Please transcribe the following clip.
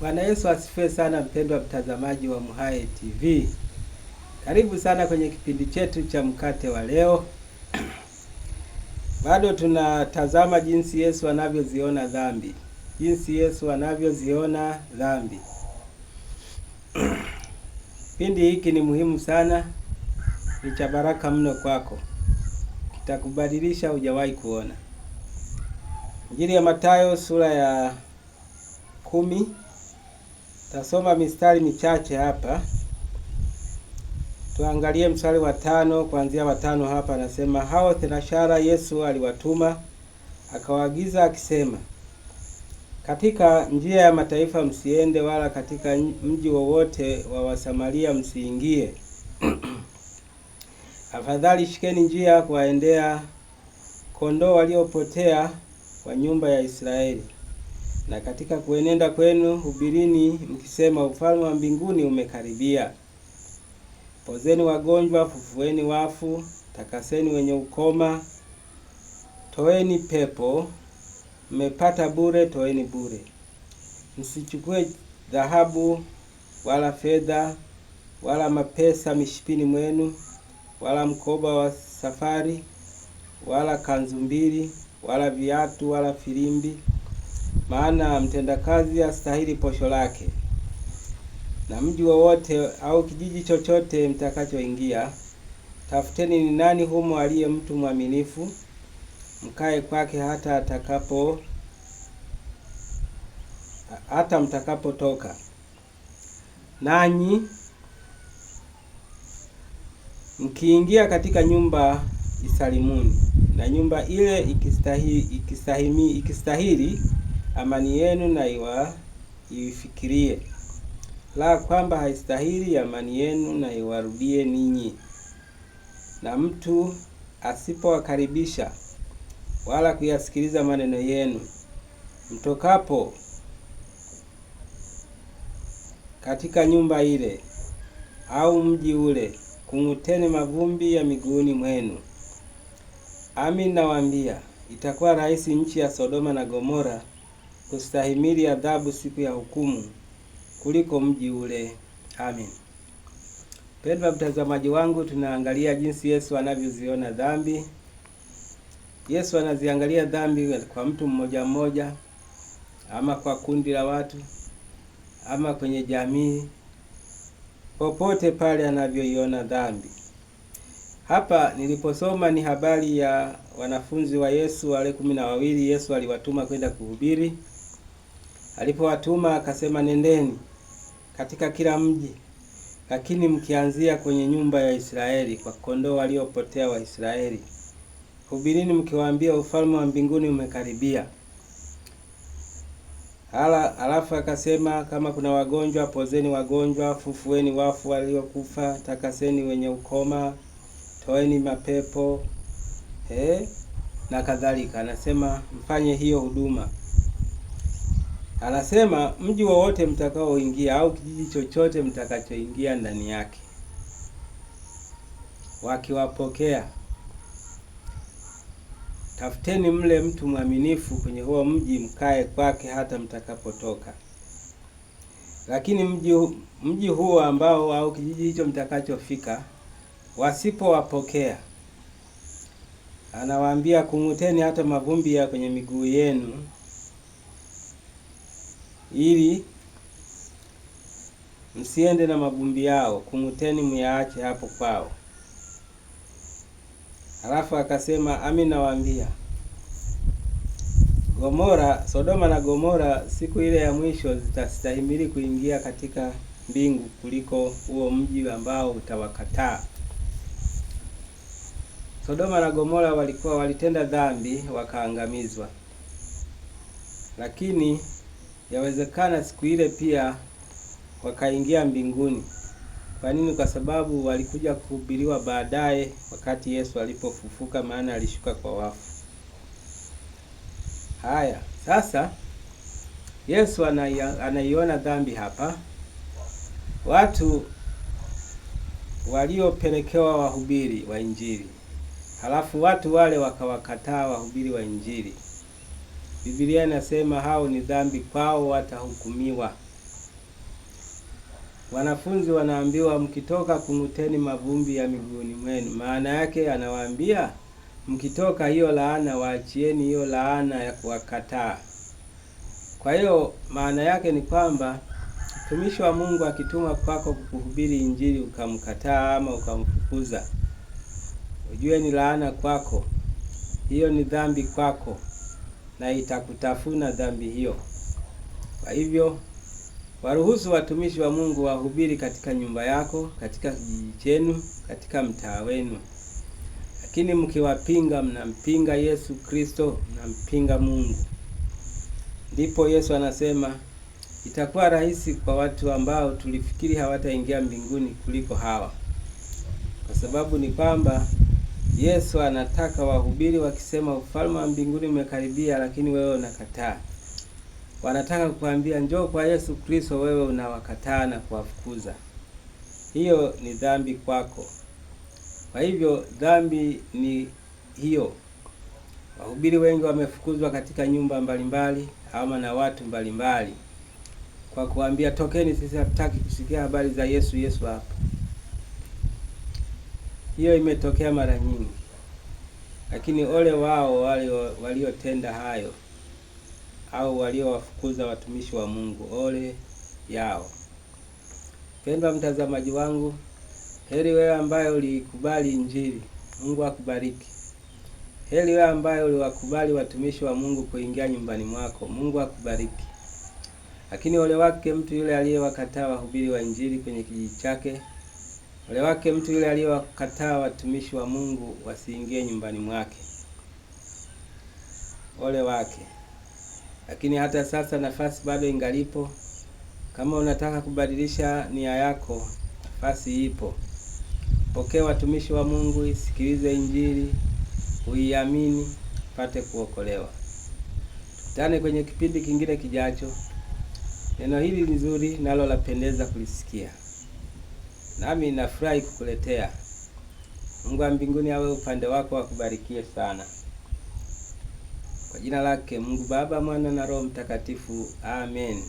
Bwana Yesu asifiwe sana, mpendwa mtazamaji wa MHAE TV, karibu sana kwenye kipindi chetu cha mkate wa leo. Bado tunatazama jinsi Yesu anavyoziona dhambi, jinsi Yesu anavyoziona dhambi. Kipindi hiki ni muhimu sana, ni cha baraka mno kwako, kitakubadilisha hujawahi kuona. Injili ya Mathayo sura ya kumi Tasoma mistari michache hapa, tuangalie mstari wa tano kuanzia watano hapa. Anasema hao thenashara Yesu aliwatuma akawaagiza akisema, katika njia ya mataifa msiende, wala katika mji wowote wa Wasamaria msiingie afadhali shikeni njia kuwaendea kondoo waliopotea wa nyumba ya Israeli na katika kuenenda kwenu hubirini mkisema, ufalme wa mbinguni umekaribia. Pozeni wagonjwa, fufueni wafu, takaseni wenye ukoma, toeni pepo. Mmepata bure, toeni bure. Msichukue dhahabu wala fedha wala mapesa mishipini mwenu, wala mkoba wa safari, wala kanzu mbili, wala viatu, wala filimbi maana mtendakazi astahili posho lake. Na mji wowote au kijiji chochote mtakachoingia, tafuteni ni nani humo aliye mtu mwaminifu, mkae kwake hata atakapo hata mtakapotoka. Nanyi mkiingia katika nyumba isalimuni, na nyumba ile ikistahili ikistahili, ikistahili amani yenu na iwa ifikirie, la kwamba haistahili amani yenu na iwarudie ninyi. Na mtu asipowakaribisha wala kuyasikiliza maneno yenu, mtokapo katika nyumba ile au mji ule, kung'uteni mavumbi ya miguuni mwenu. Amin nawaambia, itakuwa rahisi nchi ya Sodoma na Gomora kustahimili adhabu siku ya hukumu kuliko mji ule. Amin. Pendwa mtazamaji wangu, tunaangalia jinsi Yesu anavyoziona dhambi. Yesu anaziangalia dhambi kwa mtu mmoja mmoja, ama kwa kundi la watu, ama kwenye jamii, popote pale anavyoiona dhambi. Hapa niliposoma ni habari ya wanafunzi wa Yesu wale kumi na wawili Yesu aliwatuma kwenda kuhubiri Alipowatuma akasema, nendeni katika kila mji, lakini mkianzia kwenye nyumba ya Israeli kwa kondoo waliopotea wa Israeli. Hubirini mkiwaambia, ufalme wa mbinguni umekaribia. Hala, alafu akasema, kama kuna wagonjwa, pozeni wagonjwa, fufueni wafu waliokufa, takaseni wenye ukoma, toeni mapepo eh, na kadhalika. Anasema mfanye hiyo huduma. Anasema mji wowote mtakaoingia au kijiji chochote mtakachoingia ndani yake, wakiwapokea, tafuteni mle mtu mwaminifu kwenye huo mji, mkae kwake hata mtakapotoka. Lakini mji mji huo ambao au kijiji hicho mtakachofika, wasipowapokea, anawaambia kung'uteni hata mavumbi ya kwenye miguu yenu ili msiende na mavumbi yao, kung'uteni muyaache hapo kwao. Halafu akasema, ami nawaambia, Gomora, Sodoma na Gomora siku ile ya mwisho zitastahimili kuingia katika mbingu kuliko huo mji ambao utawakataa. Sodoma na Gomora walikuwa walitenda dhambi wakaangamizwa, lakini yawezekana siku ile pia wakaingia mbinguni. Kwa nini? Kwa sababu walikuja kuhubiriwa baadaye wakati Yesu alipofufuka, maana alishuka kwa wafu. Haya, sasa Yesu anaiona dhambi hapa. Watu waliopelekewa wahubiri wa Injili, halafu watu wale wakawakataa wahubiri wa Injili. Biblia inasema hao ni dhambi kwao, watahukumiwa. Wanafunzi wanaambiwa mkitoka, kung'uteni mavumbi ya miguuni mwenu. Maana yake anawaambia mkitoka hiyo laana, waachieni hiyo laana ya kuwakataa. Kwa hiyo maana yake ni kwamba mtumishi wa Mungu akituma kwako kukuhubiri Injili ukamkataa ama ukamfukuza, ujue ni laana kwako, hiyo ni dhambi kwako na itakutafuna dhambi hiyo. Kwa hivyo waruhusu watumishi wa Mungu wahubiri katika nyumba yako, katika kijiji chenu, katika mtaa wenu. Lakini mkiwapinga, mnampinga Yesu Kristo, mnampinga Mungu. Ndipo Yesu anasema itakuwa rahisi kwa watu ambao tulifikiri hawataingia mbinguni kuliko hawa, kwa sababu ni kwamba Yesu anataka wahubiri wakisema ufalme wa mbinguni umekaribia, lakini wewe unakataa. Wanataka kuambia njoo kwa Yesu Kristo, wewe unawakataa na kuwafukuza. Hiyo ni dhambi kwako. Kwa hivyo dhambi ni hiyo. Wahubiri wengi wamefukuzwa katika nyumba mbalimbali ama na watu mbalimbali, kwa kuambia tokeni, sisi hatutaki kusikia habari za Yesu. Yesu hapa hiyo imetokea mara nyingi, lakini ole wao waliotenda hayo au waliowafukuza watumishi wa Mungu, ole yao. Pendwa mtazamaji wangu, heri wewe ambaye uliikubali Injili. Mungu akubariki. Heri wewe ambaye uliwakubali watumishi wa Mungu kuingia nyumbani mwako. Mungu akubariki. Lakini ole wake mtu yule aliyewakataa wahubiri wa Injili kwenye kijiji chake Ole wake mtu yule aliyewakataa watumishi wa Mungu wasiingie nyumbani mwake. Ole wake! Lakini hata sasa nafasi bado ingalipo. Kama unataka kubadilisha nia yako, nafasi ipo. Pokea watumishi wa Mungu, isikilize Injili, uiamini, pate kuokolewa. Tukutane kwenye kipindi kingine kijacho. Neno hili nzuri nalo lapendeza kulisikia nami nafurahi kukuletea. Mungu wa mbinguni awe upande wako, akubarikie sana. Kwa jina lake Mungu Baba, Mwana na Roho Mtakatifu, amen.